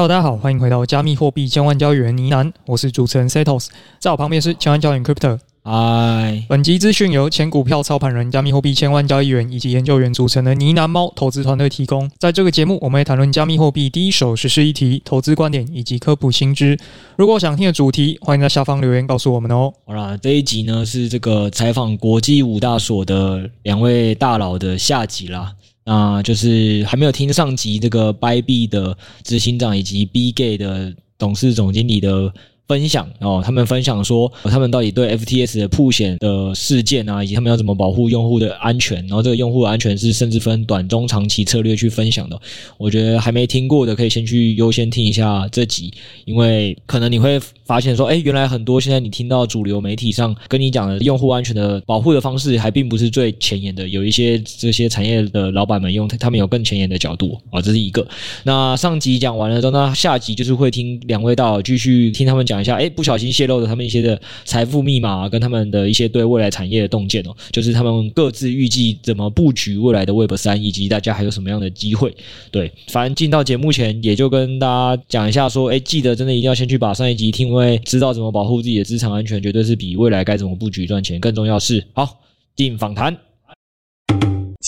Hello，大家好，歡迎回到加密貨幣千萬交易員呢喃。我是主持人 Setos，在我旁邊是千萬交易員 Crypto，Hi。本集資訊由前股票操盤人、加密貨幣千萬交易員以及研究員組成的呢喃貓投資團隊提供。在這個節目，我們會談論加密貨幣第一手實時議題、投資觀點以及科普新知。如果想聽的主題，歡迎在下方留言告訴我們哦。好啦，這一集呢是這個採訪國際五大所的兩位大佬的下集啦。啊，就是還沒有聽上集這個 Bybit 的執行長以及 Bitget 的董事總經理的分享哦，他們分享說他們到底對 FTX 的曝險的事件啊，以及他們要怎麼保護用戶的安全，然後這個用戶的安全是甚至分短、中、長期策略去分享的。我覺得還沒聽過的可以先去優先聽一下這集，因為可能你會，發現說，哎，原來很多現在你聽到主流媒體上跟你講的用戶安全的保護的方式，還並不是最前沿的。有一些這些產業的老板們用，他們有更前沿的角度啊、哦，這是一個。那上集講完了之後，那下集就是會聽兩位大佬繼續聽他們講一下，哎，不小心泄露的他們一些的財富密碼、啊，跟他們的一些對未來產業的洞見哦，就是他們各自預計怎麼佈局未來的 Web 三，以及大家還有什麼樣的機會。對，反正進到節目前也就跟大家講一下，說，哎，記得真的一定要先去把上一集聽完。因為知道怎麼保護自己的資產安全，絕對是比未來該怎麼布局賺錢更重要的事。好，進訪談。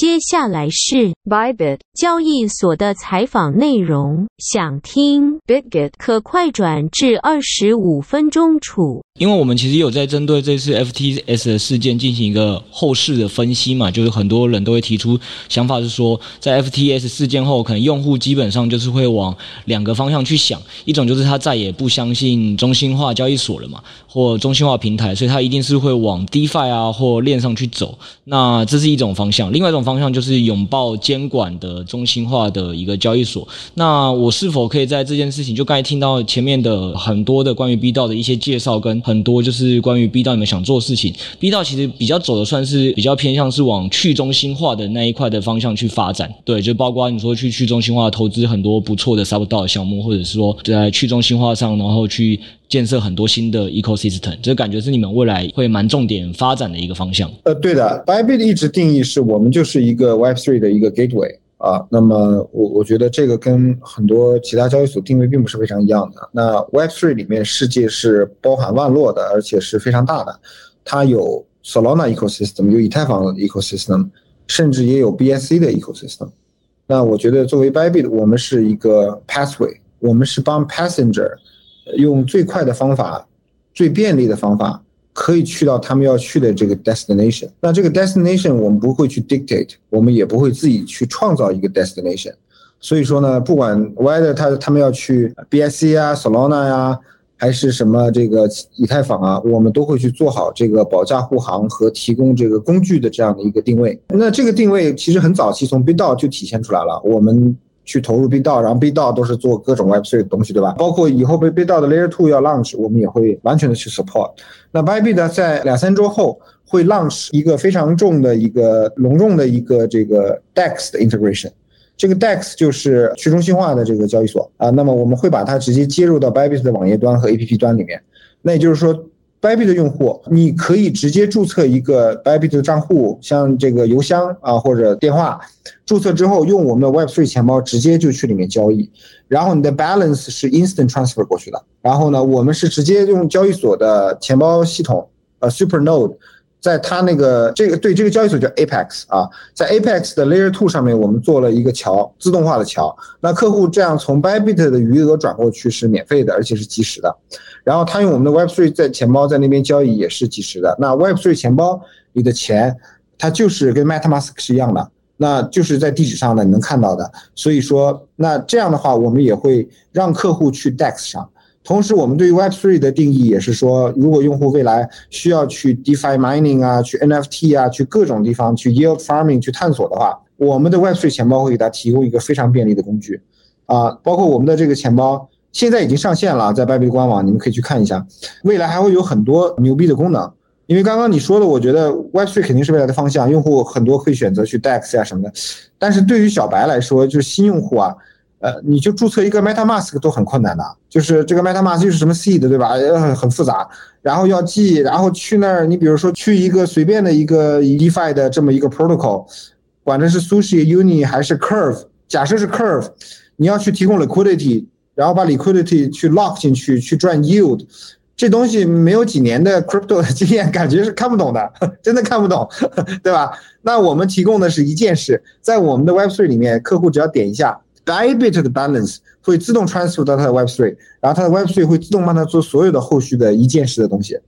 接下來是 Bybit 交易所的採訪內容，想聽 Bitget 可快轉至二十五分鐘處。因為我們其實有在針對這次 FTX 的事件進行一個後市的分析嘛，就是很多人都會提出想法是說，在 FTX 事件後，可能用戶基本上就是會往兩個方向去想，一種就是他再也不相信中心化交易所了嘛，或中心化平台，所以他一定是會往 DeFi 啊或鏈上去走，那這是一種方向，另外一種方方向就是擁抱監管的中心化的一個交易所。那我是否可以在這件事情？就剛才聽到前面的很多的關於幣道的一些介紹，跟很多就是關於幣道你們想做的事情。幣道其實比較走的算是比較偏向是往去中心化的那一塊的方向去發展。對，就包括你說去去中心化投資很多不錯的 Sub Dao 的項目，或者是說在去中心化上，然後去。建設很多新的 ecosystem，這感覺是你們未來會蠻重點發展的一個方向。呃，對的，Bybit 一直定義是我們就是一個 Web3 的一個 gateway 啊。那麼我我覺得這個跟很多其他交易所定位並不是非常一樣的。那 Web3 裡面世界是包含萬落的，而且是非常大的，它有 Solana ecosystem，有以太坊 ecosystem，甚至也有 BSC 的 ecosystem。那我覺得作為 Bybit，我們是一個 pathway，我們是幫 passenger。用最快的方法，最便利的方法，可以去到他們要去的這個 destination。那這個 destination 我們不會去 dictate，我們也不會自己去創造一個 destination。所以說呢，不管 whether 他他們要去 BSC 啊、Solana 呀、啊，還是什麼這個以太坊啊，我們都會去做好這個保駕護航和提供這個工具的這樣的一個定位。那這個定位其實很早期從 BitDAO 就體現出來了，我們。去投入 B 道，然後 B 道都是做各種 Web3 的東西，對吧？包括以後 B 道的 Layer Two 要 launch，我們也會完全的去 support。那 Bybit 呢，在兩三周後會 launch 一個非常重的一個隆重的一個這個 DEX 的 integration。這個 DEX 就是去中心化的這個交易所啊，那麼我們會把它直接接入到 Bybit 的網頁端和 APP 端裡面。那也就是說。Bybit 的用戶，你可以直接註冊一個 Bybit 的賬戶，像這個郵箱啊或者電話，註冊之後用我們的 Web Three 錢包直接就去裡面交易，然後你的 Balance 是 Instant Transfer 過去的。然後呢，我們是直接用交易所的錢包系統，呃，Super Node。在它那個這個，對，這個交易所叫 Apex 啊，在 Apex 的 Layer Two 上面，我們做了一個橋，自動化的橋。那客戶這樣從 Bybit 的餘額轉過去是免費的，而且是即時的。然後他用我們的 Web3 在錢包在那邊交易也是即時的。那 Web3 錢包裡的錢，它就是跟 MetaMask 是一樣的，那就是在地址上的，你能看到的。所以說，那這樣的話，我們也會讓客戶去 Dex 上。同時，我們對於 Web3 的定義也是說，如果用戶未來需要去 DeFi mining 啊，去 NFT 啊，去各種地方去 Yield farming 去探索的話，我們的 Web3 錢包會給他提供一個非常便利的工具，啊，包括我們的這個錢包現在已經上線了，在 Bybit 官網，你們可以去看一下。未來還會有很多牛逼的功能，因為剛剛你說的，我覺得 Web3 肯定是未來的方向，用戶很多會選擇去 DEX 啊什麼的，但是對於小白來說，就是新用戶啊。呃，你就註冊一個 MetaMask 都很困難的，就是這個 MetaMask 又是什麼 seed 對吧？很很複雜，然後要記，然後去那兒，你比如說去一個隨便的一個 DeFi 的這麼一個 protocol，管它是 Sushi、Uni 還是 Curve，假設是 Curve，你要去提供 liquidity，然後把 liquidity 去 lock 進去，去賺 yield，這東西沒有幾年的 crypto 的經驗，感覺是看不懂的，真的看不懂，對吧？那我們提供的是一件事，在我們的 Web3 裡面，客戶只要點一下。Bybit 的 balance 會自動 transfer 到它的 Web3，然後它的 Web3 會自動幫他做所有的後續的一件事的東西。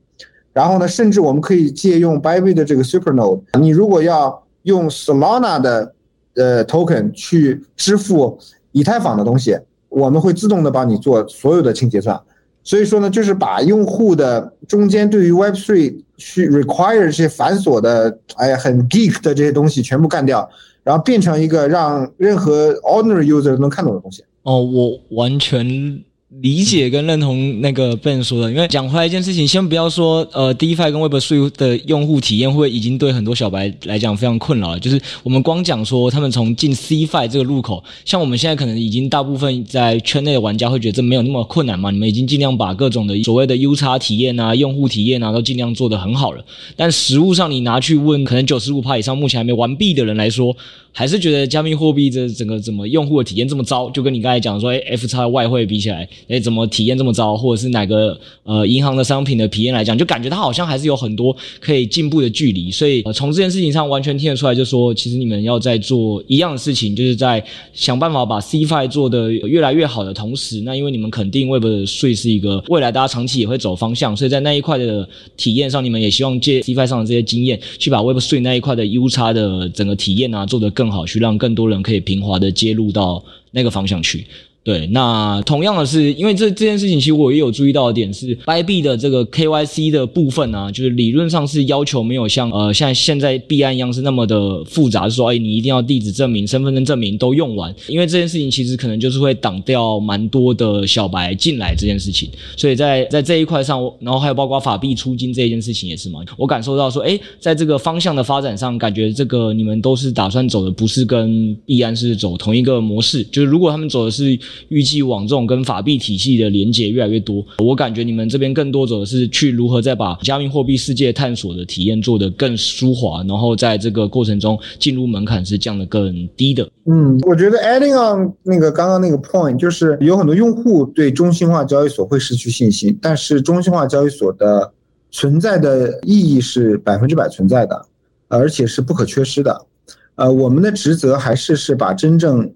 然後呢，甚至我們可以借用 Bybit 的這個 Super Node。你如果要用 Solana 的呃 token 去支付以太坊的東西，我們會自動的幫你做所有的清結算。所以說呢，就是把用戶的中間對於 Web3 去 require 這些繁瑣的哎呀很 geek 的這些東西全部幹掉。然後變成一個讓任何 ordinary user 能看懂的東西。哦，我完全理解跟認同那個 Ben 說的，因為講回來一件事情，先不要說呃，DeFi 跟 Web3 的用戶體驗會已經對很多小白來講非常困擾了。就是我們光講說他們從進 C-Fi 這個入口，像我們現在可能已經大部分在圈內的玩家會覺得這沒有那麼困難嘛？你們已經儘量把各種的所謂的 UX 體驗啊、用戶體驗啊都儘量做得很好了。但實務上你拿去問，可能九十五趴以上目前還沒玩幣的人來說，還是覺得加密貨幣這整個怎麼用戶的體驗這麼糟？就跟你剛才講說，哎、欸、，FX 外匯比起來。哎，怎麼體驗這麼糟？或者是哪個呃銀行的商品的體驗來講，就感覺它好像還是有很多可以進步的距離。所以、呃、從這件事情上，完全聽得出來，就說其實你們要在做一樣的事情，就是在想辦法把 CFI 做的越來越好的同時，那因為你們肯定 Web 稅是一個未來大家長期也會走方向，所以在那一塊的體驗上，你們也希望借 CFI 上的這些經驗，去把 Web 稅那一塊的 U 差的整個體驗啊，做得更好，去讓更多人可以平滑的接入到那個方向去。對，那同樣的是，因為這這件事情，其實我也有注意到的點是，Bybit 的這個 KYC 的部分呢、啊，就是理論上是要求沒有像呃像現在幣安一樣是那麼的複雜，就是，說哎你一定要地址證明、身份證證明都用完，因為這件事情其實可能就是會擋掉蠻多的小白進來這件事情。所以在在這一塊上，然後還有包括法幣出金這一件事情也是嘛，我感受到說哎在這個方向的發展上，感覺這個你們都是打算走的不是跟幣安是走同一個模式，就是如果他們走的是。預計網眾跟法幣體系的連接越來越多，我感覺你們這邊更多走的是去如何再把加密貨幣世界探索的體驗做得更舒緩，然後在這個過程中進入門檻是降得更低的。嗯，我覺得 adding on 那個剛剛那個 point 就是有很多用戶對中心化交易所會失去信心，但是中心化交易所的存在的意義是百分之百存在的，而且是不可缺失的。呃，我們的職責還是是把真正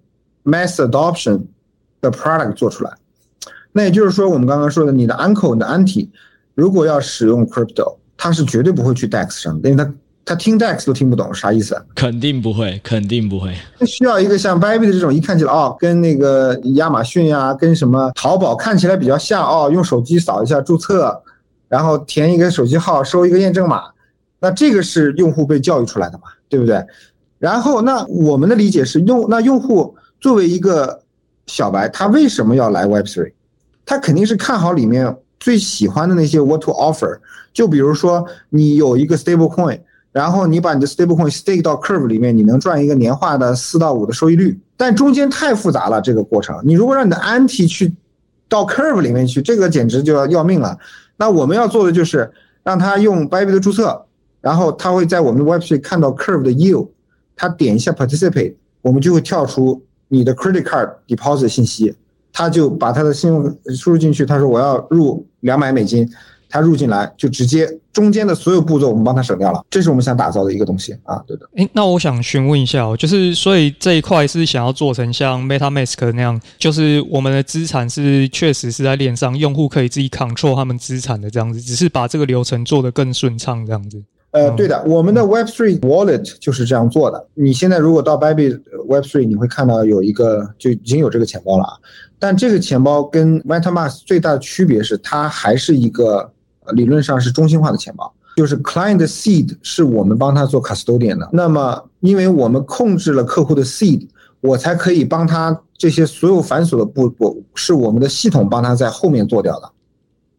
mass adoption。的 product 做出來，那也就是說，我們剛剛說的，你的 uncle、你的 auntie，如果要使用 crypto，他是絕對不會去 DEX 上的，因為他他聽 DEX 都聽不懂啥意思，肯定不會，肯定不會。那需要一個像 Bybit 的這種，一看起來哦，跟那個亞馬遜呀、啊，跟什麼淘寶看起來比較像哦，用手機掃一下註冊，然後填一個手機號，收一個驗證碼，那這個是用戶被教育出來的嘛，對不對？然後，那我們的理解是，用那用戶作為一個。小白他為什麼要來 Web3？他肯定是看好裡面最喜歡的那些 What to Offer。就比如說，你有一個 Stable Coin，然後你把你的 Stable Coin Stake 到 Curve 裡面，你能賺一個年化的四到五的收益率。但中間太複雜了，這個過程。你如果讓你的 anti 去到 Curve 裡面去，這個簡直就要要命了。那我們要做的就是讓他用 Bybit 的注冊，然後他會在我們的 Web3 看到 Curve 的 Yield，他點一下 Participate，我們就會跳出。你的 credit card deposit 信息，他就把他的信用輸入進去，他說我要入兩百美金，他入進來就直接中間的所有步驟我們幫他省掉了，這是我們想打造的一個東西啊，對的。哎、欸，那我想詢問一下，哦，就是所以這一塊是想要做成像 MetaMask 那樣，就是我們的資產是確實是在鏈上，用戶可以自己 control 他們資產的這樣子，只是把這個流程做得更順暢這樣子。呃，對的，我們的 Web3 Wallet 就是這樣做的。嗯、你現在如果到 Bybit Web3，你會看到有一個就已經有這個錢包了啊。但這個錢包跟 MetaMask 最大的區別是，它還是一個理論上是中心化的錢包，就是 Client Seed 是我們幫他做 Custodian 的。那麼，因為我們控制了客戶的 Seed，我才可以幫他這些所有繁瑣的步，我是我們的系統幫他在後面做掉的。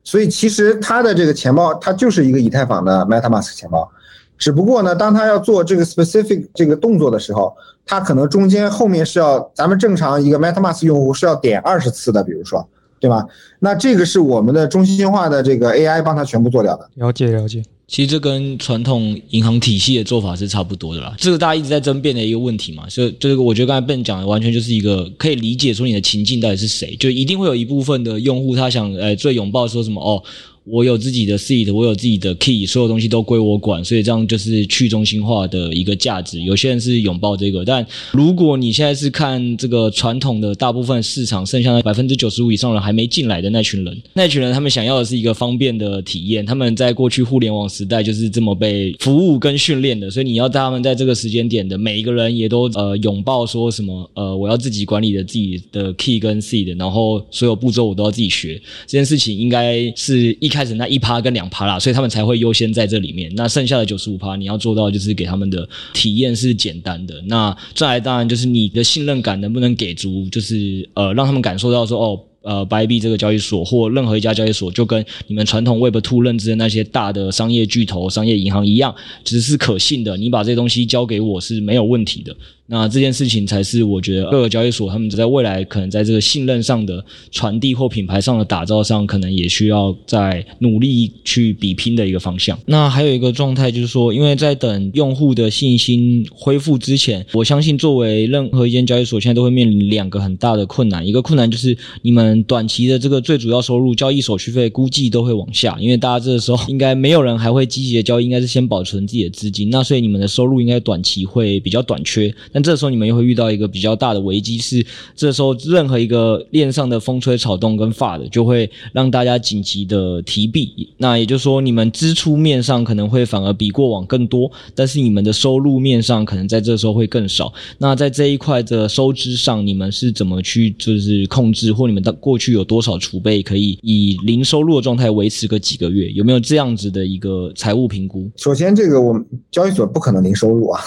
所以其實它的這個錢包，它就是一個以太坊的 MetaMask 錢包，只不過呢，當他要做這個 specific 這個動作的時候，他可能中間後面是要咱們正常一個 MetaMask 用戶是要點二十次的，比如說，對吧？那這個是我們的中心化的這個 AI 幫他全部做掉的。了解，了解。其實這跟傳統銀行體系的做法是差不多的啦，這個大家一直在爭辯的一個問題嘛，所以這個我覺得剛才 Ben 講的完全就是一個可以理解說你的情境到底是誰，就一定會有一部分的用戶他想，呃、哎，最擁抱說什麼哦。我有自己的 seed，我有自己的 key，所有東西都歸我管，所以這樣就是去中心化的一個價值。有些人是擁抱這個，但如果你現在是看這個傳統的大部分市場，剩下的百分之九十五以上人還沒進來的那群人，那群人他們想要的是一個方便的體驗。他們在過去互聯網時代就是這麼被服務跟訓練的，所以你要他們在這個時間點的每一個人也都呃擁抱說什麼呃我要自己管理的自己的 key 跟 seed，然後所有步驟我都要自己學，這件事情應該是一開始那一趴跟兩趴啦，所以他們才會優先在這裡面。那剩下的九十五趴，你要做到就是給他們的體驗是簡單的。那再來當然就是你的信任感能不能給足，就是呃讓他們感受到說哦，呃，Bybit 這個交易所或任何一家交易所，就跟你們傳統 Web Two 認知的那些大的商業巨頭、商業銀行一樣，只、就是、是可信的。你把這些東西交給我是沒有問題的。那這件事情才是我覺得各個交易所他們在未來可能在這個信任上的傳遞或品牌上的打造上，可能也需要再努力去比拼的一個方向。那還有一個狀態就是說，因為在等用戶的信心恢復之前，我相信作為任何一間交易所，現在都會面臨兩個很大的困難。一個困難就是你們短期的這個最主要收入交易手續費估計都會往下，因為大家這個時候應該沒有人還會積極的交易，應該是先保存自己的資金。那所以你們的收入應該短期會比較短缺。那這時候你們又會遇到一個比較大的危機，是這時候任何一個鏈上的風吹草動跟發的，就會讓大家緊急的提幣。那也就是說，你們支出面上可能會反而比過往更多，但是你們的收入面上可能在這時候會更少。那在這一塊的收支上，你們是怎麼去就是控制，或你們的過去有多少儲備可以以零收入的狀態維持個幾個月？有沒有這樣子的一個財務評估？首先，這個我們交易所不可能零收入啊。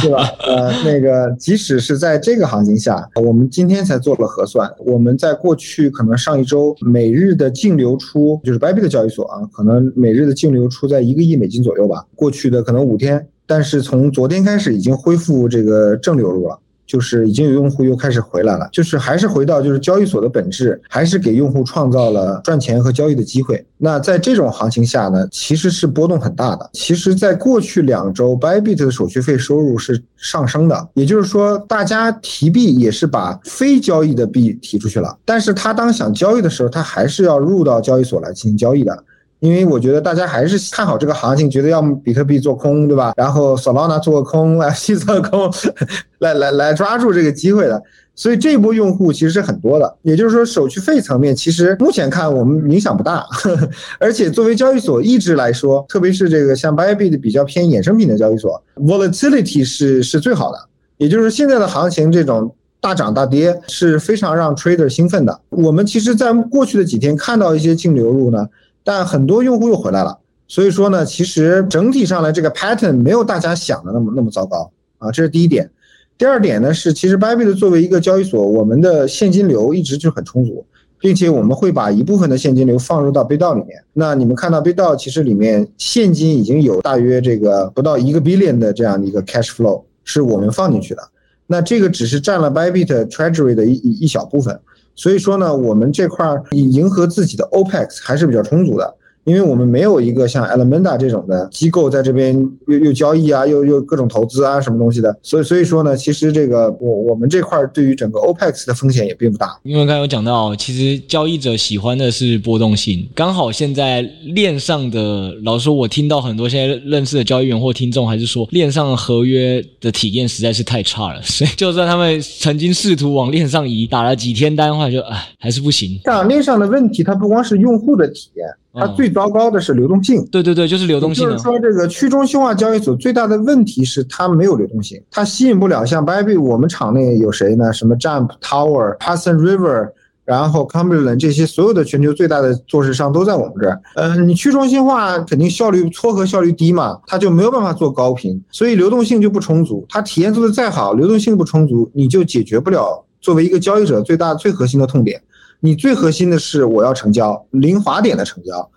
對吧？呃，那個，即使是在這個行情下，我們今天才做了核算，我們在過去可能上一周每日的淨流出，就是 Bybit 的交易所啊，可能每日的淨流出在一個億美金左右吧。過去的可能五天，但是從昨天開始已經恢復這個正流入了。就是已經有用戶又開始回來了，就是還是回到就是交易所的本質，還是給用戶創造了賺錢和交易的機會。那在這種行情下呢，其實是波動很大的。其實，在過去兩周，Bybit 的手續費收入是上升的，也就是說，大家提幣也是把非交易的幣提出去了，但是他當想交易的時候，他還是要入到交易所來進行交易的。因為我覺得大家還是看好這個行情，覺得要麼比特幣做空，對吧？然後 Solana 做空，來去做空，來來來抓住這個機會的。所以這波用戶其實是很多的。也就是說，手續費層面其實目前看我們影響不大呵呵，而且作為交易所一直來說，特別是這個像 Bybit 比較偏衍生品的交易所，Volatility 是是最好的。也就是現在的行情這種大漲大跌是非常讓 Trader 興奮的。我們其實在過去的幾天看到一些淨流入呢。但很多用戶又回來了，所以說呢，其實整體上來這個 pattern 沒有大家想的那麼那麼糟糕啊，這是第一點。第二點呢是，其實 Bybit 作為一個交易所，我們的現金流一直就很充足，並且我們會把一部分的現金流放入到 BitDAO 裡面。那你們看到 BitDAO 其實裡面現金已經有大約這個不到一個 billion 的這樣的一個 cash flow 是我們放進去的。那這個只是佔了 Bybit Treasury 的一一小部分。所以說呢，我們這塊兒以迎合自己的 Opex 還是比較充足的。因為我們沒有一個像 Alameda 這種的機構在這邊又又交易啊，又又各種投資啊，什麼東西的，所以所以說呢，其實這個我我們這塊對於整個 Opex 的風險也並不大。因為剛剛有講到，其實交易者喜歡的是波動性，剛好現在鏈上的，老實說我聽到很多現在認識的交易員或聽眾還是說，鏈上合約的體驗實在是太差了，所以就算他們曾經試圖往鏈上移，打了幾天單話就，就哎，還是不行。像鏈上的問題，它不光是用戶的體驗。它最糟糕的是流動性。嗯、對對對，就是流動性。就是說，這個去中心化交易所最大的問題是它沒有流動性，它吸引不了像 Bybit 我們場內有誰呢？什麼 Jump Tower、Hudson River，然後 Cumberland 這些，所有的全球最大的做市商都在我們這兒。呃，你去中心化肯定效率撮合效率低嘛，它就沒有辦法做高頻，所以流動性就不充足。它體驗做的再好，流動性不充足，你就解決不了作為一個交易者最大最核心的痛點。你最核心的是我要成交零滑點的成交，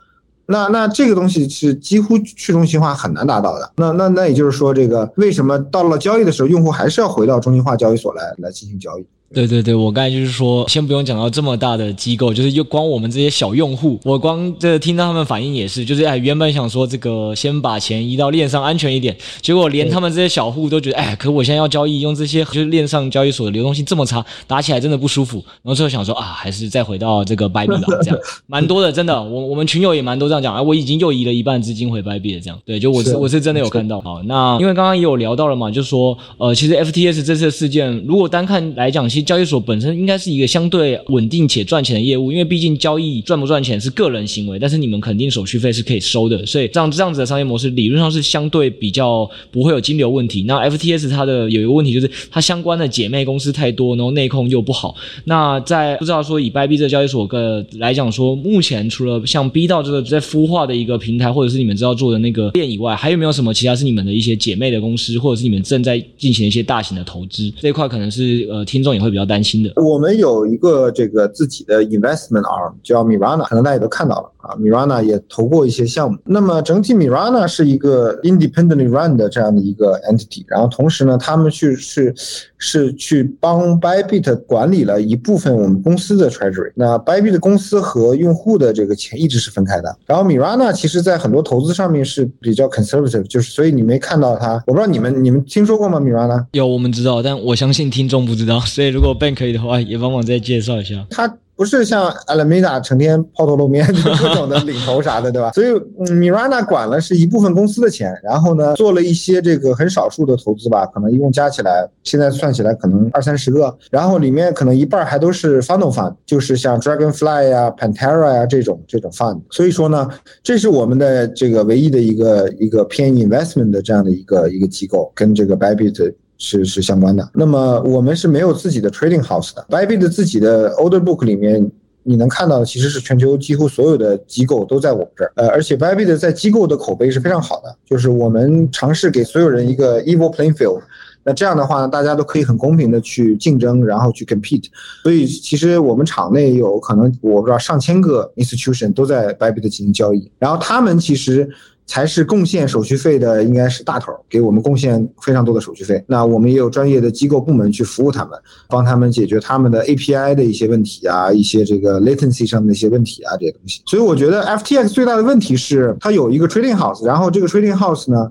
那那這個東西是幾乎去中心化很難達到的。那那那也就是說，這個為什麼到了交易的時候，用戶還是要回到中心化交易所來來進行交易？對對對，我剛才就是說，先不用講到這麼大的機構，就是又光我們這些小用戶，我光這聽到他們反應也是，就是哎，原本想說這個先把錢移到鏈上安全一點，結果連他們這些小戶都覺得哎，可我現在要交易用這些就是鏈上交易所的流動性這麼差，打起來真的不舒服，然後最後想說啊，還是再回到這個 Bybit、啊、了這樣，蠻多的，真的，我我們群友也蠻多這樣講啊，我已經又移了一半資金回 Bybit 了這樣，對，就我是，是我是真的有看到啊，那因為剛剛也有聊到了嘛，就是說呃，其實 FTX 這次事件如果單看來講其交易所本身應該是一個相對穩定且賺錢的業務，因為畢竟交易賺不賺錢是個人行為，但是你們肯定手續費是可以收的，所以這樣這樣子的商業模式理論上是相對比較不會有金流問題。那 FTS 它的有一個問題就是它相關的姐妹公司太多，然後內控又不好。那在不知道說以 b y b y 這個交易所個來講說，目前除了像 B 到這個在孵化的一個平台，或者是你們知道做的那個店以外，還有沒有什麼其他是你們的一些姐妹的公司，或者是你們正在進行一些大型的投資這一塊？可能是呃聽眾也。會。會比較擔心的。我們有一個這個自己的 investment arm，叫 Mirana，可能大家也都看到了啊。Mirana 也投過一些項目。那麼整體 Mirana 是一個 independently run 的這樣的一個 entity，然後同時呢，他們去是是，是去幫 Bybit 管理了一部分我們公司的 treasury。那 Bybit 的公司和用戶的這個錢一直是分開的。然後 Mirana 其實在很多投資上面是比較 conservative，就是所以你沒看到它。我不知道你們你們聽說過嗎？Mirana？有，我們知道，但我相信聽眾不知道，所以。如果 Ben 可以的話，也幫我再介紹一下。他不是像 Alameda 成天拋頭露面，各種的領投啥的，對吧？ 所以 Mirana 管了是一部分公司的錢，然後呢，做了一些這個很少數的投資吧，可能一共加起來，現在算起來可能二三十個，然後裡面可能一半還都是 Final Fund，就是像 Dragonfly 呀、啊、Pantera 呀、啊、這種這種 Fund。所以說呢，這是我們的這個唯一的一個一個偏 investment 的這樣的一個一個機構，跟這個 Bybit，是是相關的。那麼我們是沒有自己的 trading house 的。Bybit 的自己的 o l d e r book 裡面，你能看到的其實是全球幾乎所有的機構都在我們這兒。呃，而且 Bybit 在機構的口碑是非常好的。就是我們嘗試給所有人一個 e v i l playing field，那這樣的話呢，大家都可以很公平的去競爭，然後去 compete。所以其實我們場內有可能我不知道上千個 institution 都在 Bybit 進行交易，然後他們其實。才是貢獻手續費的，應該是大頭，給我們貢獻非常多的手續費。那我們也有專業的機構部門去服務他們，幫他們解決他們的 API 的一些問題啊，一些這個 latency 上的一些問題啊，這些東西。所以我覺得 FTX 最大的問題是它有一個 trading house，然後這個 trading house 呢，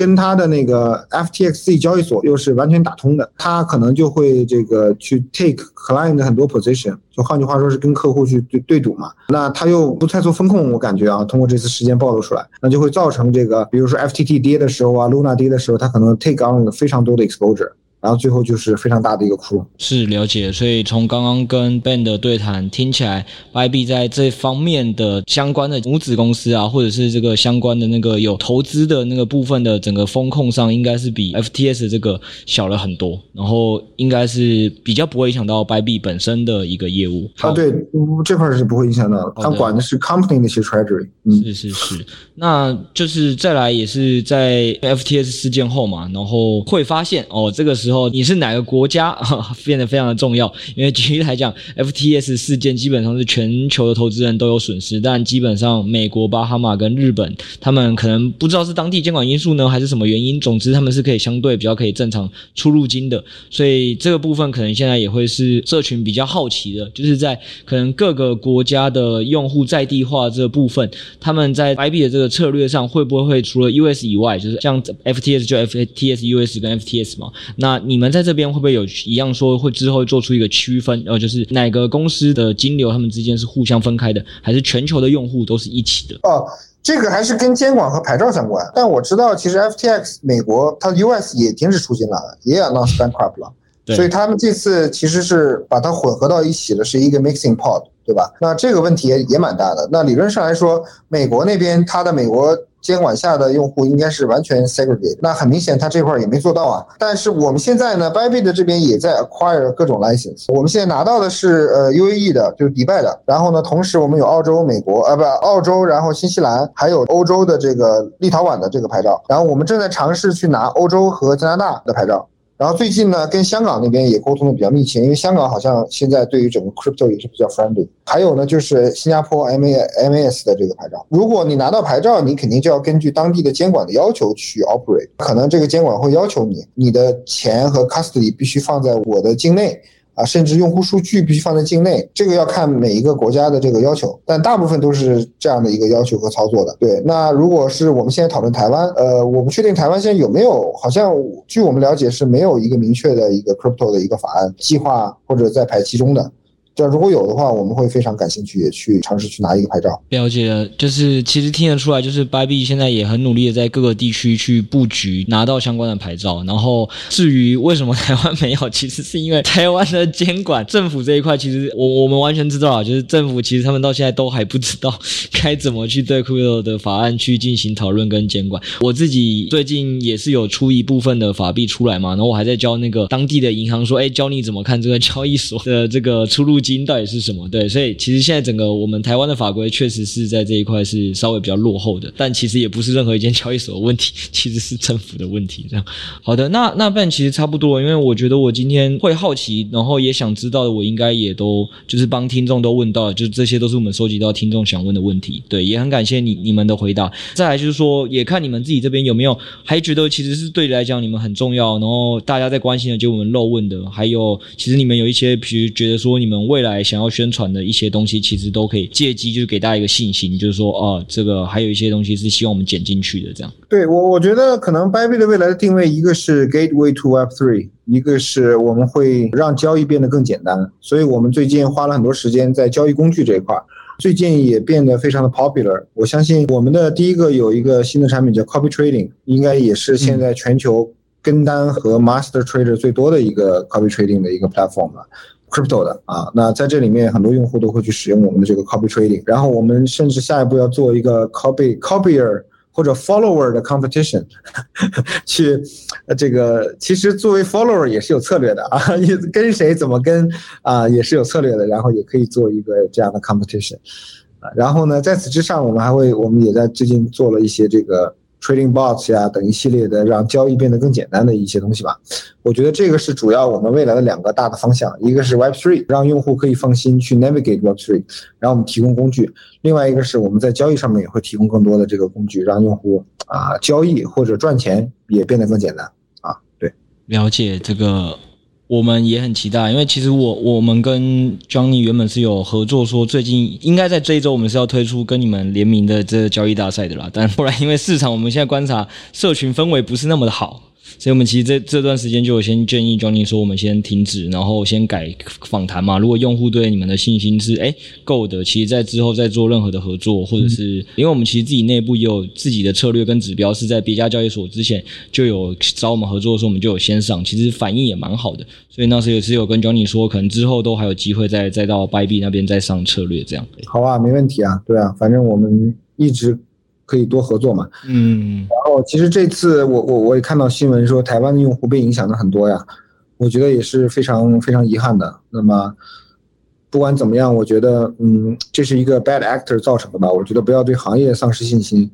跟他的那個 FTX c 交易所又是完全打通的，他可能就會這個去 take client 的很多 position，就換句話說是跟客戶去對對賭嘛。那他又不太做風控，我感覺啊，通過這次事件暴露出來，那就會造成這個，比如說 FTT 跌的時候啊，Luna 跌的時候，他可能 take on 了非常多的 exposure。然後最後就是非常大的一個窟窿，是了解。所以從剛剛跟 Ben 的對談聽起來 Bybit 在這方面的相關的母子公司啊，或者是這個相關的那個有投資的那個部分的整個風控上，應該是比 FTX 這個小了很多。然後應該是比較不會影響到 Bybit 本身的一個業務。他、啊、對，這塊是不會影響到的。他、哦、管的是 company 那些 treasury 嗯，是是是。是是那就是再來也是在 FTX 事件後嘛，然後會發現哦，這個時候你是哪個國家呵變得非常的重要，因為舉例來講 FTX 事件基本上是全球的投資人都有損失，但基本上美國、巴哈馬跟日本，他們可能不知道是當地監管因素呢，還是什麼原因，總之他們是可以相對比較可以正常出入金的，所以這個部分可能現在也會是社群比較好奇的，就是在可能各個國家的用戶在地化這個部分，他們在 Bybit 的這個。策略上會不會除了 US 以外，就是像 FTX 就 FTX US 跟 FTX 嘛？那你們在這邊會不會有一樣說會之後做出一個區分？呃，就是哪個公司的金流他們之間是互相分開的，還是全球的用戶都是一起的？哦，這個還是跟監管和牌照相關。但我知道，其實 FTX 美國它的 US 也停止出金了，也 announce bankruptcy 了。所以他們這次其實是把它混合到一起的，是一個 mixing pod，對吧？那這個問題也也蠻大的。那理論上來說，美國那邊它的美國監管下的用戶應該是完全 segregate，那很明顯，它這塊也沒做到啊。但是我們現在呢，Bybit 這邊也在 acquire 各種 license。我們現在拿到的是呃 UAE 的，就是迪拜的。然後呢，同時我們有澳洲、美國，呃不，澳洲，然後新西蘭，還有歐洲的這個立陶宛的這個牌照。然後我們正在嘗試去拿歐洲和加拿大的牌照。然後最近呢，跟香港那邊也溝通的比較密切，因為香港好像現在對於整個 crypto 也是比較 friendly。還有呢，就是新加坡 MAS 的這個牌照。如果你拿到牌照，你肯定就要根據當地的監管的要求去 operate。可能這個監管會要求你，你的錢和 custody 必須放在我的境內。啊，甚至用戶數據必須放在境內，這個要看每一個國家的這個要求，但大部分都是這樣的一個要求和操作的。對，那如果是我們現在討論台灣，呃，我不確定台灣現在有沒有，好像據我們了解是沒有一個明確的一個 crypto 的一個法案計劃或者在排其中的。就如果有的話，我們會非常感興趣，也去嘗試去拿一個牌照。了解，就是其實聽得出來，就是 Bybit 現在也很努力的在各個地區去布局，拿到相關的牌照。然後至於為什麼台灣沒有，其實是因為台灣的監管，政府這一塊，其實我我們完全知道，啊，就是政府其實他們到現在都還不知道該怎麼去對的法案去進行討論跟監管。我自己最近也是有出一部分的法幣出來嘛，然後我還在教那個當地的銀行說，哎，教你怎麼看這個交易所的這個出入金到底是什麼？對，所以其實現在整個我們台灣的法規確實是在這一塊是稍微比較落後的，但其實也不是任何一間交易所的問題，其實是政府的問題。這樣，好的，那那部分其實差不多，因為我覺得我今天會好奇，然後也想知道的，我應該也都就是幫聽眾都問到了，就是這些都是我們收集到聽眾想問的問題。對，也很感謝你你們的回答。再來就是說，也看你們自己這邊有沒有還覺得其實是對你來講你們很重要，然後大家在關心的，就我們漏問的，還有其實你們有一些，比如覺得說你們。未來想要宣傳的一些東西，其實都可以借機就是給大家一個信心，就是說，哦，這個還有一些東西是希望我們剪進去的，這樣。對我，我覺得可能 Bybit 的未來的定位，一個是 Gateway to Web3，一個是我們會讓交易變得更簡單。所以我們最近花了很多時間在交易工具這一塊，最近也變得非常的 popular。我相信我們的第一個有一個新的產品叫 Copy Trading，應該也是現在全球跟單和 Master Trader 最多的一個 Copy Trading 的一個 platform 了。crypto 的啊，那在這裡面很多用戶都會去使用我們的這個 copy trading，然後我們甚至下一步要做一個 copy copier 或者 follower 的 competition，去、呃、這個其實作為 follower 也是有策略的啊，你、啊、跟誰怎麼跟啊、呃、也是有策略的，然後也可以做一個這樣的 competition，啊，然後呢在此之上，我們還會我們也在最近做了一些這個。Trading bots 呀，等一系列的讓交易變得更簡單的一些東西吧。我覺得這個是主要我們未來的兩個大的方向，一個是 Web Three，讓用戶可以放心去 navigate Web Three，然後我們提供工具；另外一個是我們在交易上面也會提供更多的這個工具，讓用戶啊、呃、交易或者賺錢也變得更簡單啊。對，了解這個。我們也很期待，因為其實我我們跟 Johnny 原本是有合作，說最近應該在這一周我們是要推出跟你們聯名的這個交易大賽的啦，但不然，因為市場我們現在觀察社群氛圍不是那麼的好。所以，我們其實這這段時間就有先建議 Johnny 說，我們先停止，然後先改訪談嘛。如果用戶對你們的信心是誒夠的，其實，在之後再做任何的合作，或者是，嗯、因為我們其實自己內部也有自己的策略跟指標，是在別家交易所之前就有找我們合作的時候，我們就有先上，其實反應也蠻好的。所以那時候也是有跟 Johnny 說，可能之後都還有機會再再到 Bybit 那邊再上策略這樣。好啊，沒問題啊，對啊，反正我們一直。可以多合作嘛？嗯，然後其實這次我我我也看到新聞說台灣的用戶被影響的很多呀，我覺得也是非常非常遺憾的。那麼不管怎麼樣，我覺得嗯，這是一個 bad actor 造成的吧，我覺得不要對行業喪失信心。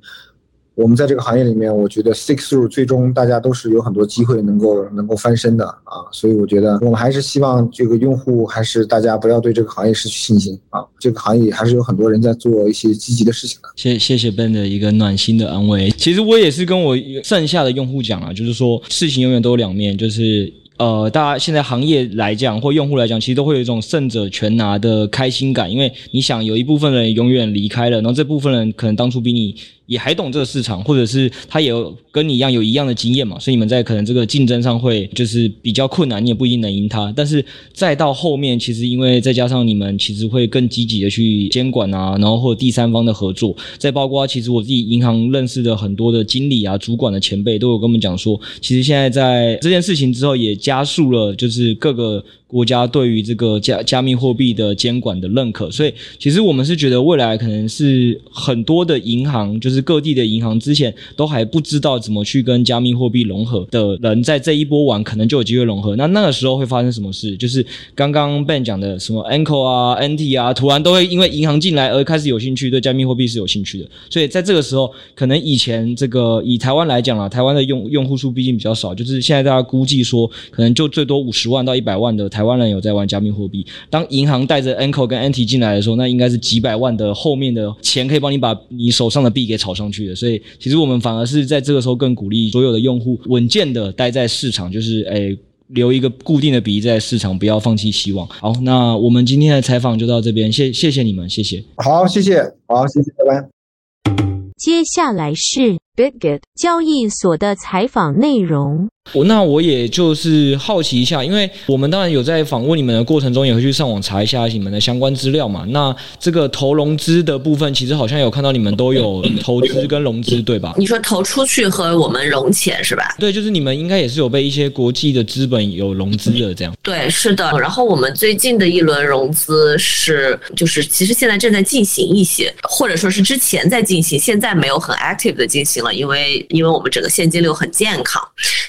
我們在這個行業裡面，我覺得 stick through 最終大家都是有很多機會能夠能夠翻身的啊，所以我覺得我們還是希望這個用戶還是大家不要對這個行業失去信心啊，這個行業還是有很多人在做一些積極的事情的。謝謝謝 Ben 的一個暖心的安慰。其實我也是跟我剩下的用戶講了、啊，就是說事情永遠都有兩面，就是呃，大家現在行業來講或用戶來講，其實都會有一種勝者全拿的開心感，因為你想有一部分人永遠離開了，然後這部分人可能當初比你。也還懂這個市場，或者是他有跟你一樣有一樣的經驗嘛，所以你們在可能這個競爭上會就是比較困難，你也不一定能贏他。但是再到後面，其實因為再加上你們其實會更積極的去監管啊，然後或者第三方的合作，再包括其實我自己銀行認識的很多的經理啊、主管的前輩都有跟我們講說，其實現在在這件事情之後也加速了，就是各個。國家對於這個加加密貨幣的監管的認可，所以其實我們是覺得未來可能是很多的銀行，就是各地的銀行之前都還不知道怎麼去跟加密貨幣融合的人，在這一波玩可能就有機會融合。那那個時候會發生什麼事？就是剛剛 Ben 講的什麼 Anchor 啊、NT 啊，突然都會因為銀行進來而開始有興趣，對加密貨幣是有興趣的。所以在這個時候，可能以前這個以台灣來講啦，台灣的用用戶數畢竟比較少，就是現在大家估計說可能就最多五十萬到一百萬的。台灣人有在玩加密貨幣。當銀行帶着 Enco 跟 NT 進來的時候，那應該是幾百萬的後面的錢可以幫你把你手上的幣給炒上去的。所以，其實我們反而是在這個時候更鼓勵所有的用戶穩健的待在市場，就是誒、欸、留一個固定的比例在市場，不要放棄希望。好，那我們今天的採訪就到這邊，謝謝謝你們，謝謝。好，謝謝，好，謝謝，拜拜。接下來是。Bitget，交易所的採訪內容，我那我也就是好奇一下，因為我們當然有在訪問你們的過程中，也會去上網查一下你們的相關資料嘛。那這個投融資的部分，其實好像有看到你們都有投資跟融資，對吧？你說投出去和我們融錢是吧？對，就是你們應該也是有被一些國際的資本有融資的這樣。對，是的。然後我們最近的一輪融資是，就是其實現在正在進行一些，或者說是之前在進行，現在沒有很 active 的進行了。因為，因為我們整個現金流很健康，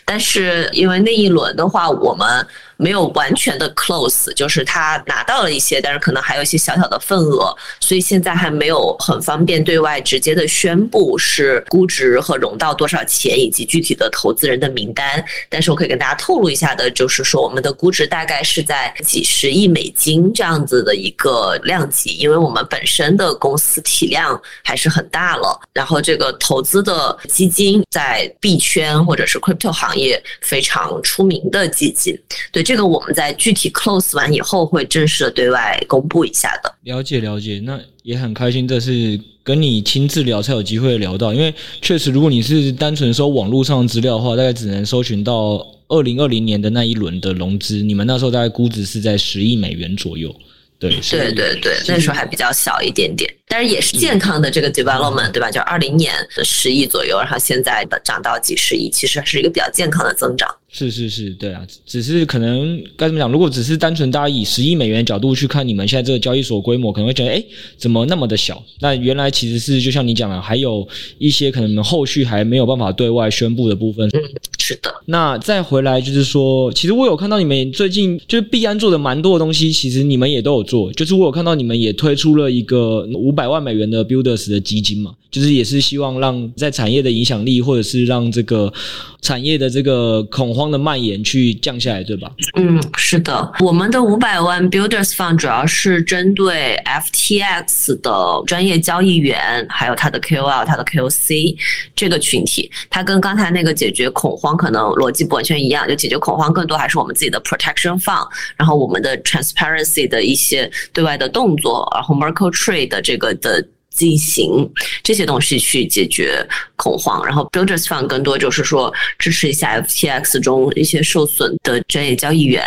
但是因為那一輪的話，我們沒有完全的 close，就是他拿到了一些，但是可能還有一些小小的份額，所以現在還沒有很方便對外直接的宣布是估值和融到多少錢以及具體的投資人的名單。但是我可以跟大家透露一下的，就是說我們的估值大概是在幾十億美金這樣子的一個量級，因為我們本身的公司體量還是很大了。然後這個投資的基金在幣圈或者是 crypto 行業非常出名的基金，對。這個我們在具體 close 完以後會正式的對外公佈一下的。了解了解，那也很開心，這次跟你親自聊才有機會聊到。因為確實，如果你是單純搜網絡上資料的話，大概只能搜尋到二零二零年的那一輪的融資，你們那時候大概估值是在十億美元左右。對，對對對，那時候還比較小一點點，但是也是健康的這個 development，嗯，對吧？就二零年的十億左右，然後現在的漲到幾十億，其實還是一個比較健康的增長。是是是，對啊，只是可能該怎麼講？如果只是單純大家以十億美元的角度去看你們現在這個交易所規模，可能會覺得，誒，怎麼那麼的小？那原來其實是就像你講的，還有一些可能後續還沒有辦法對外宣布的部分。嗯，是的。那再回來就是說，其實我有看到你們最近就是幣安做的蠻多的東西，其實你們也都有做，就是我有看到你們也推出了一個五百萬美元的 Builders 的基金嘛。其實也是希望讓在產業的影響力，或者是讓這個產業的這個恐慌的蔓延去降下來，對吧？嗯，是的。我們的五百萬 Builders Fund 主要是針對 FTX 的專業交易員，還有他的 KOL、他的 KOC 這個群體。它跟剛才那個解決恐慌可能邏輯不完全一樣，就解決恐慌更多還是我們自己的 Protection Fund，然後我們的 Transparency 的一些對外的動作，然後 Merkle Tree 的這個的。進行這些東西去解決恐慌，然後 Builders Fund 更多就是說支持一下 FTX 中一些受損的專業交易員，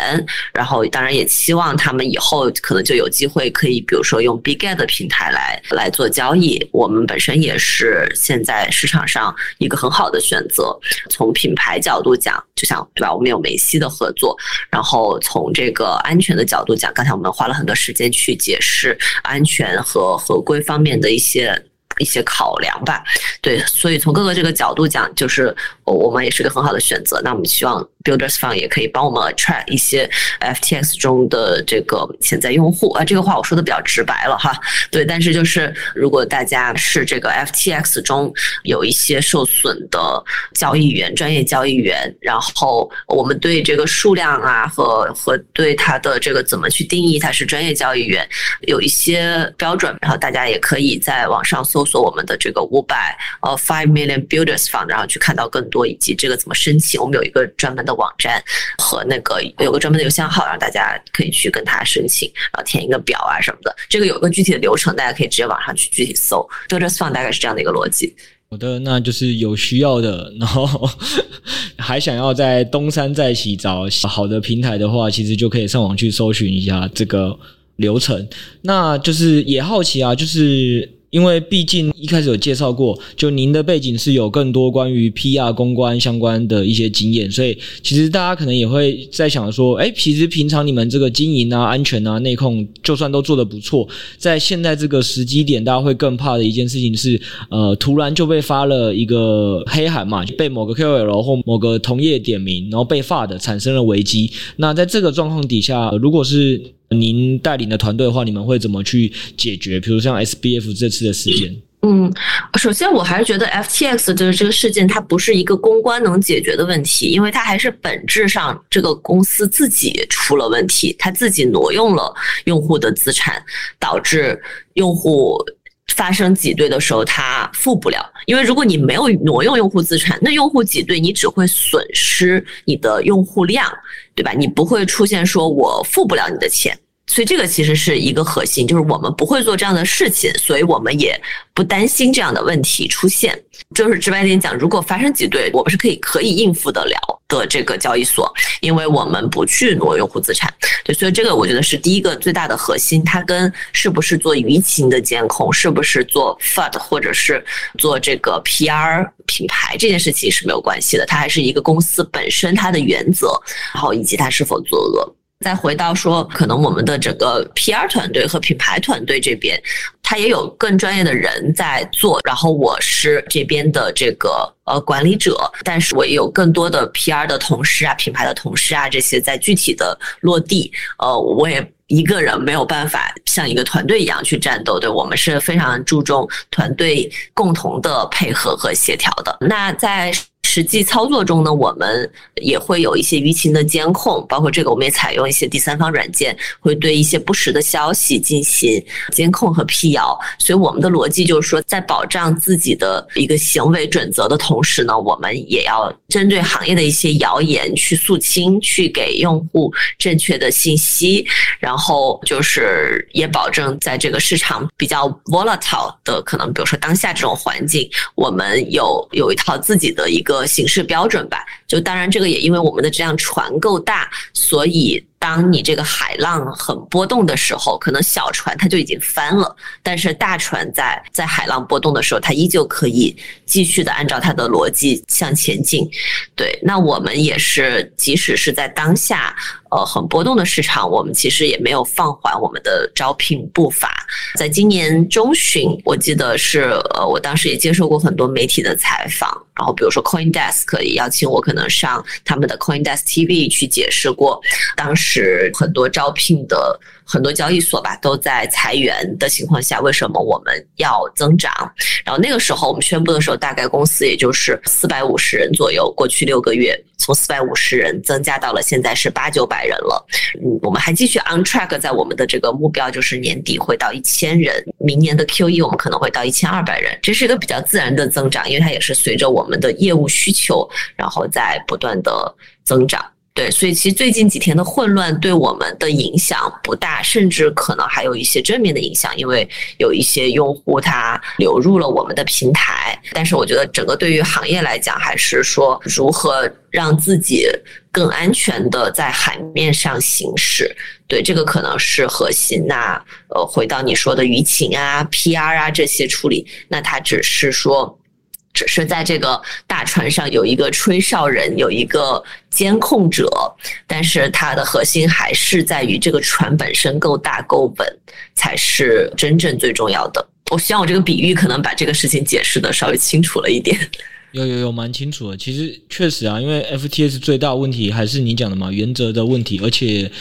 然後當然也希望他們以後可能就有機會可以，比如說用 Bitget 的平台來來做交易。我們本身也是現在市場上一個很好的選擇。從品牌角度講，就像對吧，我們有梅西的合作，然後從這個安全的角度講，剛才我們花了很多時間去解釋安全和合規方面的一。一些一些考量吧，對，所以從各個這個角度講，就是我們也是個很好的選擇。那我們希望，Builders Fund 也可以幫我們 attract 一些 FTX 中的這個潛在用戶啊，這個話我說的比較直白了哈。對，但是就是如果大家是這個 FTX 中有一些受損的交易員、專業交易員，然後我們對這個數量啊和和對他的這個怎麼去定義他是專業交易員有一些標準，然後大家也可以在網上搜索我們的這個五百呃 Five Million Builders Fund，然後去看到更多以及這個怎麼申請，我們有一個專門的。網站和那個有個專門的郵箱號，讓大家可以去跟他申請，然後填一個表啊什麼的。這個有個具體的流程，大家可以直接網上去具體搜。就這，這算大概是這樣的一個邏輯。好的，那就是有需要的，然後還想要在東山再起找好的平台的話，其實就可以上網去搜尋一下這個流程。那就是也好奇啊，就是。因為畢竟一開始有介紹過，就您的背景是有更多關於 PR 公關相關的一些經驗，所以其實大家可能也會在想說，哎，其實平常你們這個經營啊、安全啊、內控，就算都做得不錯，在現在這個時機點，大家會更怕的一件事情是，呃，突然就被發了一個黑函嘛，就被某個 KOL 或某個同業點名，然後被發的產生了危機。那在這個狀況底下，呃、如果是您帶領的團隊的話，你們會怎麼去解決？比如像 SBF 這次的事件。嗯，首先我還是覺得 FTX 這個事件，它不是一個公關能解決的問題，因為它還是本質上這個公司自己出了問題，它自己挪用了用戶的資產，導致用戶發生擠兌的時候，它付不了。因為如果你沒有挪用用戶資產，那用戶擠兌你只會損失你的用戶量。對吧？你不會出現說“我付不了你的錢”。所以這個其實是一個核心，就是我們不會做這樣的事情，所以我們也不擔心這樣的問題出現。就是直白點講，如果發生擠兌，我們是可以可以應付得了的這個交易所，因為我們不去挪用戶資產。對，所以這個我覺得是第一個最大的核心，它跟是不是做輿情的監控，是不是做 FUD 或者是做這個 PR 品牌這件事情是沒有關係的，它還是一個公司本身它的原則，然後以及它是否作惡。再回到說，可能我們的整個 PR 團隊和品牌團隊這邊，他也有更專業的人在做。然後我是這邊的這個呃管理者，但是我也有更多的 PR 的同事啊、品牌的同事啊這些在具體的落地。呃，我也一個人沒有辦法像一個團隊一樣去戰鬥。對，我們是非常注重團隊共同的配合和協調的。那在實際操作中呢，我們也會有一些輿情的監控，包括這個我們也採用一些第三方軟件，會對一些不實的消息進行監控和闢謠。所以我們的邏輯就是說，在保障自己的一個行為準則的同時呢，我們也要針對行業的一些謠言去肅清，去給用戶正確的信息，然後就是也保證在這個市場比較 volatile 的，可能，比如說當下這種環境，我們有有一套自己的一個。形式標準吧，就當然這個也因為我們的這樣船夠大，所以。當你這個海浪很波動的時候，可能小船它就已經翻了，但是大船在在海浪波動的時候，它依舊可以繼續的按照它的邏輯向前進。對，那我們也是，即使是在當下呃很波動的市場，我們其實也沒有放緩我們的招聘步伐。在今年中旬，我記得是呃，我當時也接受過很多媒體的採訪，然後比如說 CoinDesk 也邀請我可能上他們的 CoinDesk TV 去解釋過當時。是很多招聘的很多交易所吧都在裁員的情況下，為什麼我們要增長？然後那個時候我們宣布的時候，大概公司也就是四百五十人左右。過去六個月，從四百五十人增加到了現在是八九百人了。嗯，我們還繼續 on track，在我們的這個目標就是年底會到一千人，明年的 Q1 我們可能會到一千二百人，這是一個比較自然的增長，因為它也是隨着我們的業務需求，然後在不斷的增長。對，所以其實最近幾天的混亂對我們的影響不大，甚至可能還有一些正面的影響，因為有一些用戶他流入了我們的平台。但是我覺得整個對於行業來講，還是說如何讓自己更安全的在海面上行駛。對，這個可能是核心啊。那呃，回到你說的輿情啊、PR 啊這些處理，那它只是說。只是在這個大船上有一個吹哨人，有一個監控者，但是它的核心還是在於這個船本身夠大夠穩，才是真正最重要的。我希望我這個比喻可能把這個事情解釋得稍微清楚了一點。有有有，蠻清楚的。其實確實啊，因為 FTX 最大問題還是你講的嘛，原則的問題。而且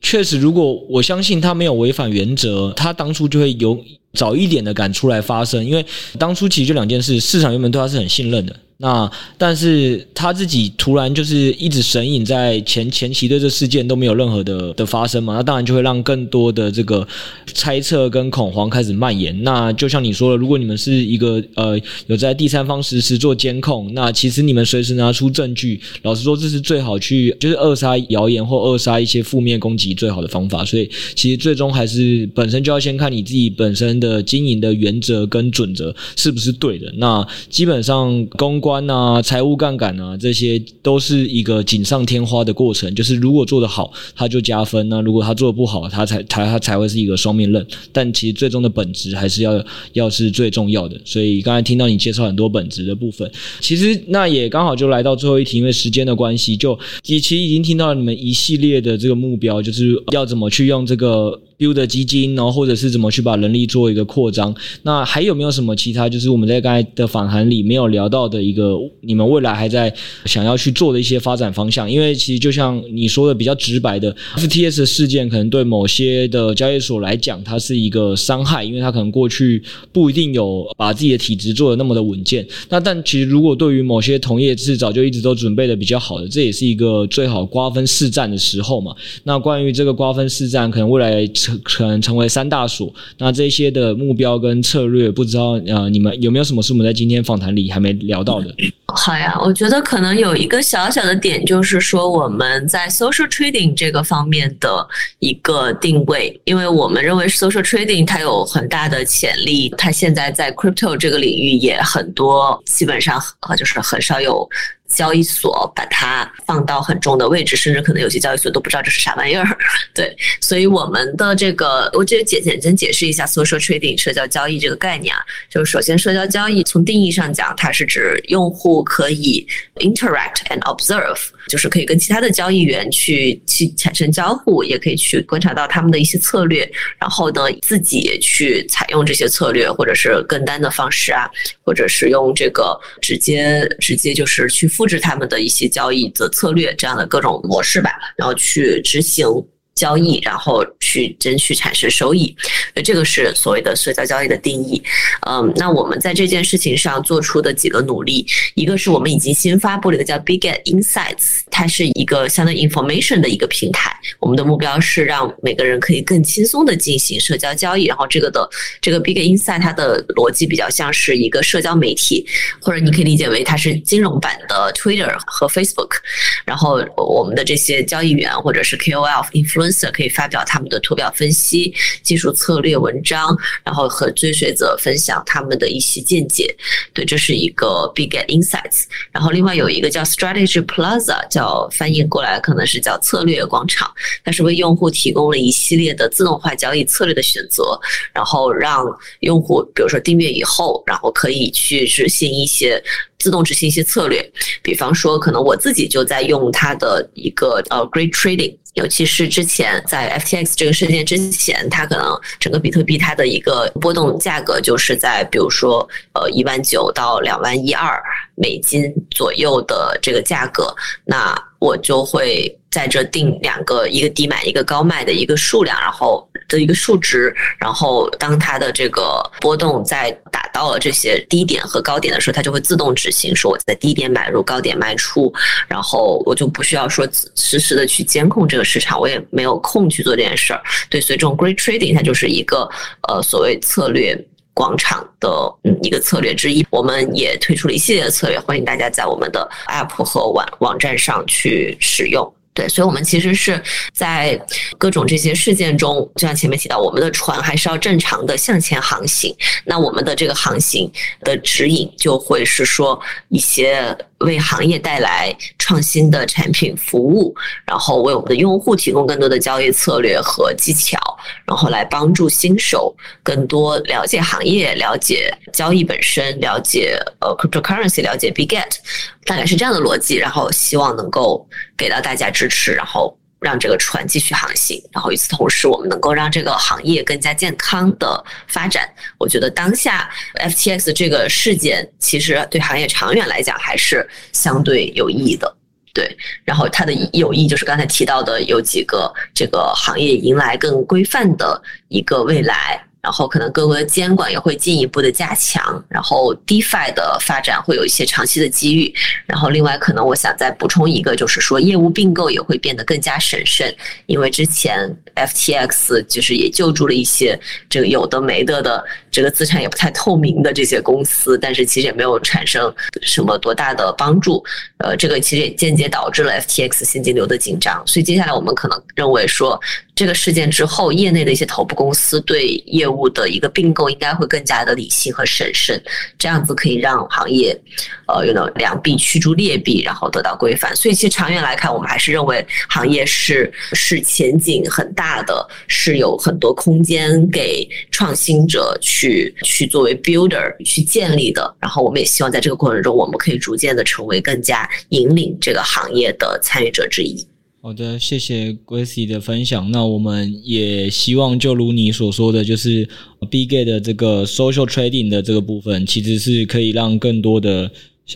確實，如果我相信他沒有違反原則，他當初就會有。早一點的敢出來發聲，因為當初其實就兩件事，市場原本對他是很信任的。那但是他自己突然就是一直神隱，在前前期對這事件都沒有任何的的發生嘛，那當然就會讓更多的這個猜測跟恐慌開始蔓延。那就像你說了，如果你們是一個呃有在第三方實時做監控，那其實你們隨時拿出證據，老實說這是最好去就是扼殺謠言或扼殺一些負面攻擊最好的方法。所以其實最終還是本身就要先看你自己本身的經營的原則跟準則是不是對的。那基本上公關。官吶，財、啊、務槓桿吶，這些都是一個錦上添花的過程，就是如果做得好，它就加分、啊；那如果它做得不好，它才才它，它才會是一個雙面刃。但其實最終的本質還是要要是最重要的。所以剛才聽到你介紹很多本質的部分，其實那也剛好就來到最後一題，因為時間的關係，就其實已經聽到了你們一系列的這個目標，就是要怎麼去用這個。的基金，然後或者是怎麼去把人力做一個擴張？那還有沒有什麼其他？就是我們在剛才的訪談裡沒有聊到的一個，你們未來還在想要去做的一些發展方向？因為其實就像你說的比較直白的，FTX 事件可能對某些的交易所來講，它是一個傷害，因為它可能過去不一定有把自己的體質做得那麼的穩健。那但其實如果對於某些同業是早就一直都準備得比較好的，這也是一個最好瓜分市佔的時候嘛。那關於這個瓜分市佔，可能未來。成成為三大所，那這些的目標跟策略，不知道呃，你們有沒有什麼是我們在今天訪談裡還沒聊到的？好呀，我覺得可能有一個小小的點，就是說我們在 social trading 這個方面的一個定位，因為我們認為 social trading 它有很大的潛力，它現在在 crypto 這個領域也很多，基本上就是很少有，交易所把它放到很重的位置，甚至可能有些交易所都不知道這是啥玩意兒。對，所以我們的這個，我這簡簡單解釋一下 social trading 社交交易這個概念啊。就是首先，社交交易從定義上講，它是指用戶可以 interact and observe，就是可以跟其他的交易員去去產生交互，也可以去觀察到他們的一些策略，然後呢，自己去採用這些策略，或者是跟單的方式啊，或者是用這個直接直接就是去付。複製他們的一些交易的策略，這樣的各種模式吧，然後去執行交易，然後去爭取產生收益，那這個是所謂的社交交易的定義。嗯，那我們在這件事情上做出的幾個努力，一個是我們已經新發布了一個叫 Bitget Insights，它是一個相當於 information 的一個平台。我們的目標是讓每個人可以更輕鬆的進行社交交易。然後這個的這個 Bitget Insight 它的邏輯比較像是一個社交媒體，或者你可以理解為它是金融版的 Twitter 和 Facebook。然後我們的這些交易員或者是 KOL influ w i n r 可以發表他們的圖表分析、技術策略文章，然後和追隨者分享他們的一些見解。對，這是一個 Bitget Insights。然後另外有一個叫 Strategy Plaza，叫翻譯過來可能是叫策略廣場。它是為用戶提供了一系列的自動化交易策略的選擇，然後讓用戶比如說訂閱以後，然後可以去執行一些自動執行一些策略。比方說，可能我自己就在用它的一個呃、uh, Great Trading。尤其是之前在 FTX 這個事件之前，它可能整個比特幣它的一個波動價格就是在，比如說，呃，一萬九到兩萬一二美金左右的這個價格，那我就會。在這定兩個，一個低買一個高賣的一個數量，然後的一個數值，然後當它的這個波動在達到了這些低點和高點的時候，它就會自動執行，說我在低點買入，高點賣出，然後我就不需要說實時的去監控這個市場，我也沒有空去做這件事兒。對，所以這種 grid trading 它就是一個呃所謂策略廣場的嗯一個策略之一。我們也推出了一系列的策略，歡迎大家在我們的 app 和網網站上去使用。對，所以我們其實是在各種這些事件中，就像前面提到，我們的船還是要正常的向前航行。那我們的這個航行的指引就會是說一些，為行業帶來創新的產品服務，然後為我們的用戶提供更多的交易策略和技巧，然後來幫助新手更多了解行業、了解交易本身、了解呃、uh, cryptocurrency、了解 Bitget，大概是這樣的邏輯。然後希望能夠給到大家支持，然後。讓這個船繼續航行，然後與此同時，我們能夠讓這個行業更加健康的發展。我覺得當下 FTX 這個事件，其實對行業長遠來講還是相對有益的。對，然後它的有益就是剛才提到的，有機會這個行業迎來更規範的一個未來。然後可能各國的監管也會進一步的加強，然後 DeFi 的發展會有一些長期的機遇。然後另外可能我想再補充一個，就是說業務併購也會變得更加審慎，因為之前 FTX 就是也救助了一些這個有的沒的的這個資產也不太透明的這些公司，但是其實也沒有產生什麼多大的幫助。呃，這個其實也間接導致了 FTX 現金流的緊張，所以接下來我們可能認為說，這個事件之後，業內的一些頭部公司對業務的一個併購，應該會更加的理性和審慎，這樣子可以讓行業，呃，有那種良幣驅逐劣幣，然後得到規範。所以，其實長遠來看，我們還是認為行業是是前景很大的，是有很多空間給創新者去去作為 builder 去建立的。然後，我們也希望在這個過程中，我們可以逐漸的成為更加引領這個行業的參與者之一。好的，謝謝 Gracy 的分享。那我們也希望，就如你所說的，就是 Bitget 的這個 social trading 的這個部分，其實是可以讓更多的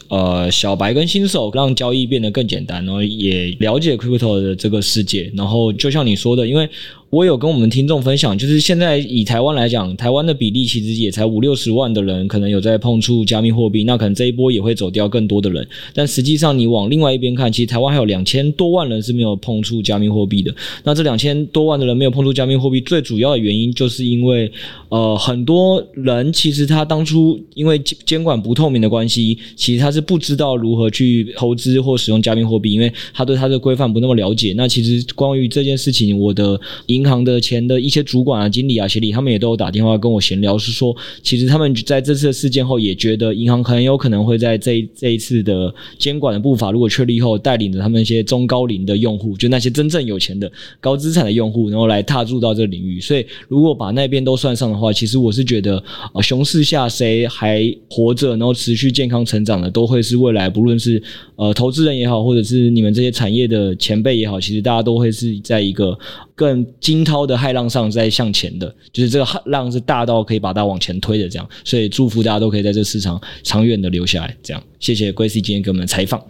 呃小白跟新手，讓交易變得更簡單，然後也了解 Crypto 的這個世界。然後就像你說的，因為。我有跟我們聽眾分享，就是現在以台灣來講，台灣的比例其實也才五六十萬的人可能有在碰觸加密貨幣，那可能這一波也會走掉更多的人。但實際上你往另外一邊看，其實台灣還有兩千多萬人是沒有碰觸加密貨幣的。那這兩千多萬的人沒有碰觸加密貨幣，最主要的原因就是因為，呃，很多人其實他當初因為監監管不透明的關係，其實他是不知道如何去投資或使用加密貨幣，因為他對他的規範不那麼了解。那其實關於這件事情，我的銀銀行的錢的一些主管啊、經理啊、協理，他們也都有打電話跟我閒聊，是說其實他們在這次的事件後也覺得銀行很有可能會在這這一次的監管的步伐如果確立後，帶領着他們一些中高齡的用戶，就那些真正有錢的高資產的用戶，然後來踏入到這個領域。所以如果把那邊都算上的話，其實我是覺得，熊市下誰還活着，然後持續健康成長的，都會是未來不論是呃投資人也好，或者是你們這些產業的前輩也好，其實大家都會是在一個更驚濤的駭浪上在向前的，就是這個海浪是大到可以把它往前推的這樣，所以祝福大家都可以在這市場長遠的留下來。這樣，謝謝 Gracy 今天給我們的採訪。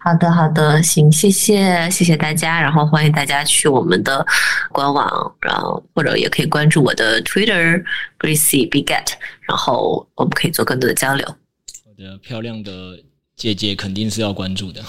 好的，好的，行，謝謝，謝謝大家，然後歡迎大家去我們的官網，然後或者也可以關注我的 Twitter Gracy Bitget，然後我們可以做更多的交流。好的，漂亮的。姐姐肯定是要關注的，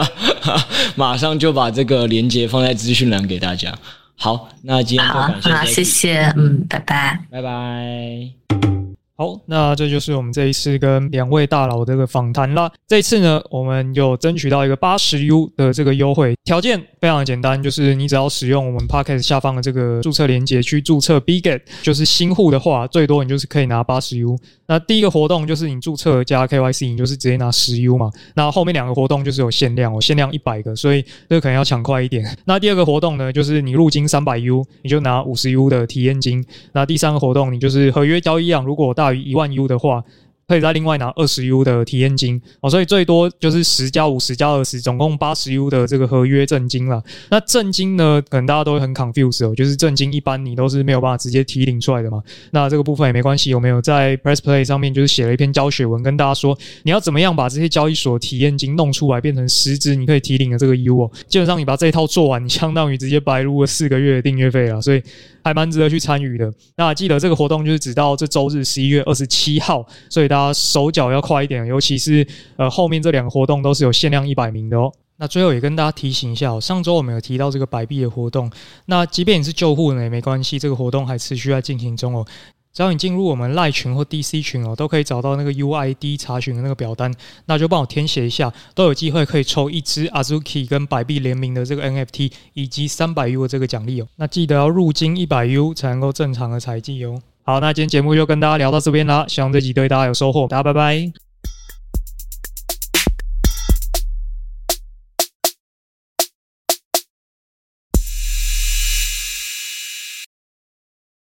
馬上就把這個鏈接放在資訊欄給大家。好，那今天就感謝，好、好、謝謝，嗯，拜拜，拜拜。好，那這就是我們這一次跟兩位大佬的這個訪談啦。這一次呢，我們有爭取到一個八十 U 的這個優惠條件，非常的簡單，就是你只要使用我們 Podcast 下方的這個註冊連接去註冊 Bitget，就是新戶的話，最多你就是可以拿八十 U。那第一個活動就是你註冊加 KYC，你就是直接拿十 U 嘛。那後面兩個活動就是有限量、喔，我限量一百個，所以這個可能要搶快一點。那第二個活動呢，就是你入金三百 U，你就拿五十 U 的體驗金。那第三個活動，你就是合約交易量，如果大大於一萬 U 的話，可以再另外拿二十 U 的體驗金哦、喔，所以最多就是十加五十加二十，20總共八十 U 的這個合約贈金了。那贈金呢，可能大家都會很 confused 哦、喔，就是贈金一般你都是沒有辦法直接提領出來的嘛。那這個部分也沒關係，有沒有在 Press Play 上面就是寫了一篇教學文，跟大家說你要怎麼樣把這些交易所體驗金弄出來變成實質你可以提領的這個 U 哦、喔。基本上你把這一套做完，你相當於直接白擼了四個月的訂閱費了，所以還蠻值得去參與的。那記得這個活動就是直到這週日十一月二十七號，所以大。啊，手腳要快一點，尤其是呃後面這兩個活動都是有限量一百名的哦。那最後也跟大家提醒一下哦，上周我們有提到這個百幣的活動，那即便你是舊戶呢也沒關係，這個活動還持續在進行中哦。只要你進入我們賴群或 DC 群哦，都可以找到那個 UID 查詢的那個表單，那就幫我填寫一下，都有機會可以抽一支 Azuki 跟百幣聯名的這個 NFT，以及三百 U 的這個獎勵哦。那記得要入金一百 U 才能夠正常的採計哦。好，那今天節目就跟大家聊到這邊啦，希望這集對大家有收穫，大家拜拜。